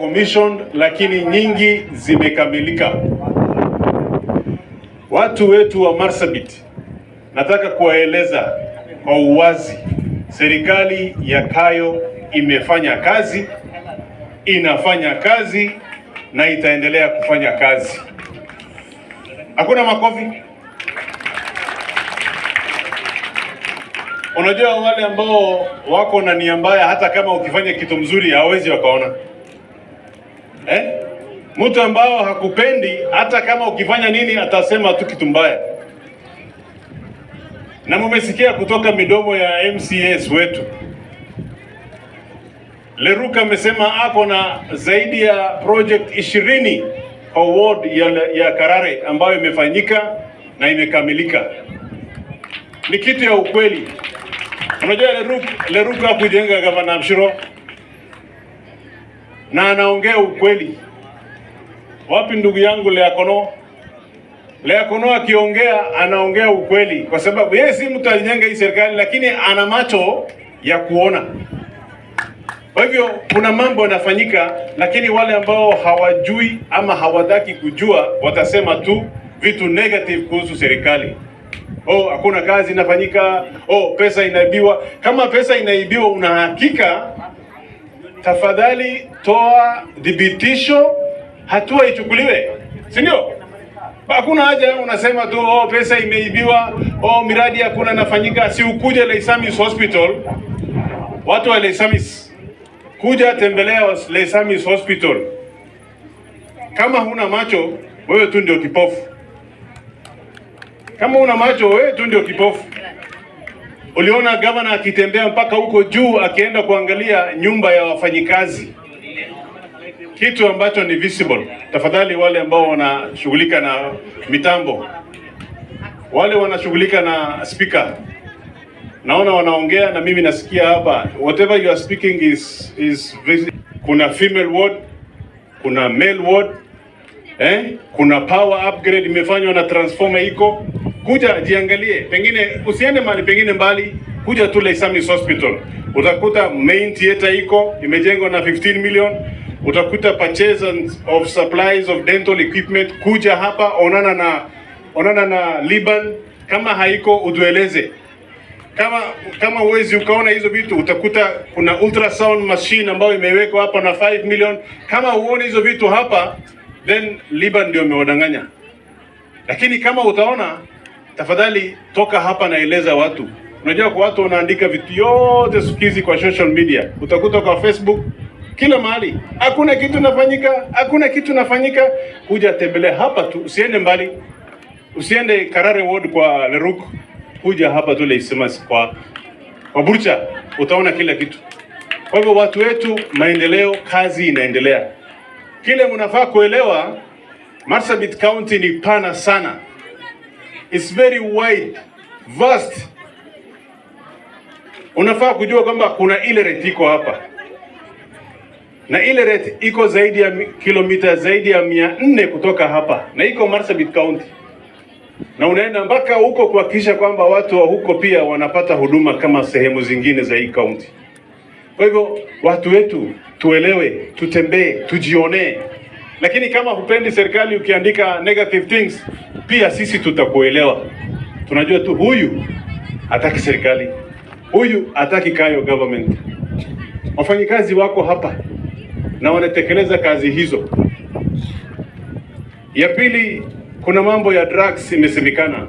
commissioned, lakini nyingi zimekamilika. Watu wetu wa Marsabit, nataka kuwaeleza kwa uwazi, serikali ya Kayo imefanya kazi, inafanya kazi na itaendelea kufanya kazi. Hakuna makofi. Unajua wale ambao wako na nia mbaya, hata kama ukifanya kitu mzuri hawawezi wakaona mtu ambao hakupendi, hata kama ukifanya nini atasema tu kitu mbaya, na mumesikia kutoka midomo ya MCS wetu. Leruka amesema ako na zaidi ya project ishirini award ya, ya Karare ambayo imefanyika na imekamilika. Ni kitu ya ukweli. Unajua Leruka kujenga gavana Mshiro na anaongea ukweli. Wapi ndugu yangu Leakono? Leakono akiongea anaongea ukweli, kwa sababu yeye si mtu alinyenga hii serikali, lakini ana macho ya kuona. Kwa hivyo kuna mambo yanafanyika, lakini wale ambao hawajui ama hawataki kujua watasema tu vitu negative kuhusu serikali. Oh, hakuna kazi inafanyika. Oh, pesa inaibiwa. Kama pesa inaibiwa, una hakika, tafadhali toa dhibitisho hatua ichukuliwe, si ndio? Hakuna haja unasema tu oh, pesa imeibiwa, oh, miradi hakuna nafanyika. Si ukuje Lake Hospital, watu wa Lake kuja tembelea Lake Hospital. Kama huna macho wewe tu ndio kipofu, kama huna macho wewe tu ndio kipofu. Uliona gavana akitembea mpaka huko juu akienda kuangalia nyumba ya wafanyikazi kitu ambacho ni visible. Tafadhali wale ambao wanashughulika na mitambo, wale wanashughulika na speaker, naona wanaongea na mimi nasikia hapa, whatever you are speaking is is visible. Kuna female ward, kuna male ward eh, kuna power upgrade imefanywa na transformer iko kuja jiangalie, pengine usiende mahali pengine mbali, kuja tu Laisamis Hospital utakuta main theater iko imejengwa na 15 million utakuta purchase of supplies of dental equipment. Kuja hapa onana na onana na Liban, kama haiko utueleze. Kama kama uwezi ukaona hizo vitu, utakuta kuna ultrasound machine ambayo imewekwa hapa na 5 million. Kama uone hizo vitu hapa, then Liban ndio amewadanganya. Lakini kama utaona, tafadhali toka hapa, naeleza watu. Unajua kwa watu wanaandika vitu yote sikizi kwa social media, utakuta kwa Facebook kila mahali, hakuna kitu nafanyika, hakuna kitu nafanyika. Kuja tembelea hapa tu, usiende mbali, usiende Karare Ward kwa Leruk, kuja hapa tu Leisimas kwa kwa Burcha, utaona kila kitu. Kwa hivyo watu wetu, maendeleo, kazi inaendelea. Kile mnafaa kuelewa, Marsabit County ni pana sana, it's very wide vast. Unafaa kujua kwamba kuna ile retiko hapa na ile reti iko zaidi ya kilomita zaidi ya mia nne kutoka hapa na iko Marsabit County, na unaenda mpaka huko kuhakikisha kwamba watu wa huko pia wanapata huduma kama sehemu zingine za hii county. Kwa hivyo watu wetu tuelewe, tutembee, tujionee. Lakini kama hupendi serikali ukiandika negative things, pia sisi tutakuelewa. Tunajua tu huyu hataki serikali, huyu hataki kayo government. Wafanyikazi wako hapa na wanatekeleza kazi hizo. Ya pili, kuna mambo ya drugs imesemekana